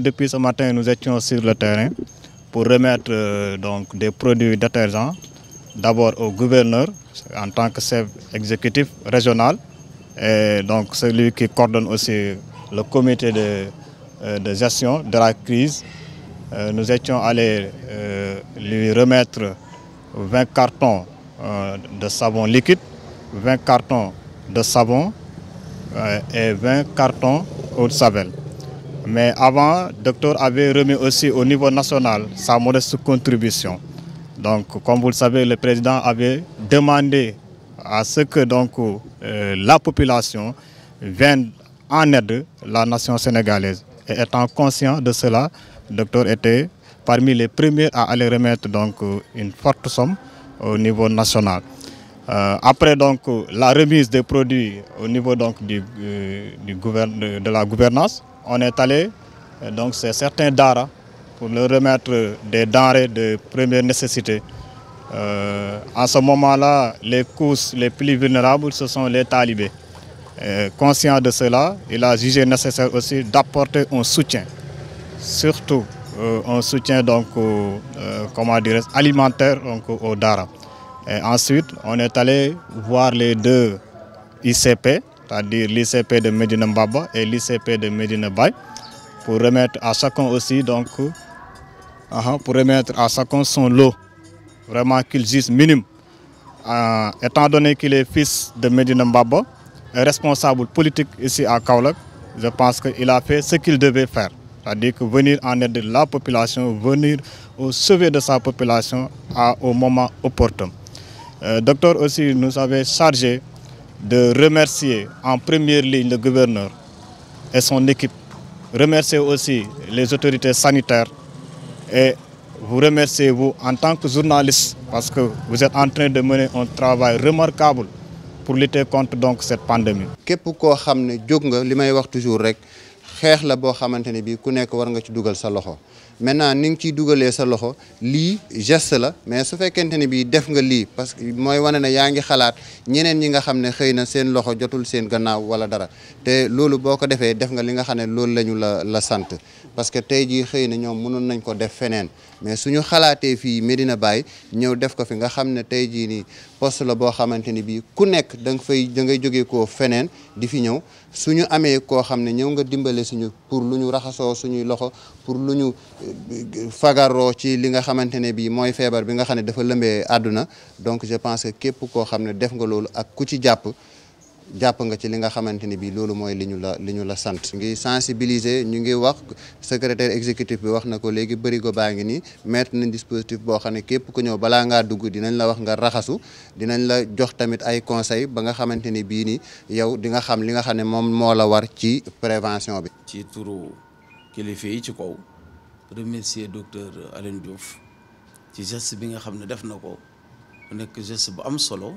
Depuis ce matin, nous étions sur le terrain pour remettre euh, donc, des produits détergents d'abord au gouverneur en tant que chef exécutif régional et donc celui qui coordonne aussi le comité de, euh, gestion de la crise. Euh, nous étions allés lui remettre 20 cartons de savon liquide, 20 cartons de savon et 20 cartons haute de savelle. Mais avant, le docteur avait remis aussi au niveau national sa modeste contribution. Donc, comme vous le savez, le président avait demandé à ce que donc, euh, la population vienne en aide la nation sénégalaise. Et étant conscient de cela, le docteur était parmi les premiers à aller remettre donc, une forte somme au niveau national. Euh, après donc, la remise des produits au niveau donc, du, euh, de la gouvernance, on est allé, euh, donc c'est certains DARA, pour leur remettre des denrées de première nécessité. Euh, en ce moment-là, les courses les plus vulnérables, ce sont les talibés. Euh, conscient de cela, il a jugé nécessaire aussi d'apporter un soutien, surtout un soutien donc, au, comment dire, alimentaire donc, aux Dara. ensuite, on est allé voir les deux ICP, c'est-à-dire l'ICP de Medina Mbaba et l'ICP de Medina Bay, pour remettre à chacun aussi, donc, pour remettre à chacun son lot, vraiment qu'il existe minimum. Euh, étant donné qu'il est fils de Medina Mbaba, responsable politique ici à Kaolack, je pense qu'il a fait ce qu'il devait faire. C'est-à-dire venir en aide de la population, venir au sauver de sa population au moment opportun. Le euh, docteur aussi nous avait chargé de remercier en première ligne le gouverneur et son équipe, remercier aussi les autorités sanitaires et vous remercier vous en tant que journaliste parce que vous êtes en train de mener un travail remarquable pour lutter contre donc cette pandémie. maintenant ni nga ciy dugalee sa loxo lii geste la mais su fekkente ne bii def nga lii parce que mooy wane ne yaa ngi xalaat ñeneen ñi nga xam ne xëy na seen loxo jotul seen gannaaw wala dara te loolu boo ko defee def nga li nga xam ne loolu la ñu la la sant parce que tey jii xëy na ñoom mënoon nañ ko def feneen mais suñu xalaatee fii Medina Baye ñëw def ko fi nga xam ne tey jii nii poste la boo xamante ni bii ku nekk danga fay dangay ngay jóge koo feneen di fi ñëw suñu amee koo xam ne ñëw nga dimbale suñu pour lu ñu raxasoo suñuy loxo pour lu ñu euh, fagaroo ci li nga xamante ne bii mooy feebar bi nga xam ne dafa lëmbee àdduna donc je pense que képp koo xam ne def nga loolu ak ku ci jàpp jàpp nga ci li nga xamante ni bii loolu mooy li ñu la li ñu la sant ngi sensibiliser ñu ngi wax secrétaire exécutif bi wax na ko léegi bërigo baa ngi ni mettre na dispositif boo xam ne képp ku ñëw balaa ngaa dugg dinañ la wax nga raxasu dinañ la jox tamit ay conseil ba nga xamante ni bii nii yow di nga xam li nga xam ne moom moo la war ci prévention bi ci turu kilifa yi ci kaw remercier docteur Alioune Diouf ci geste bi nga xam ne def na ko mu nekk geste bu am solo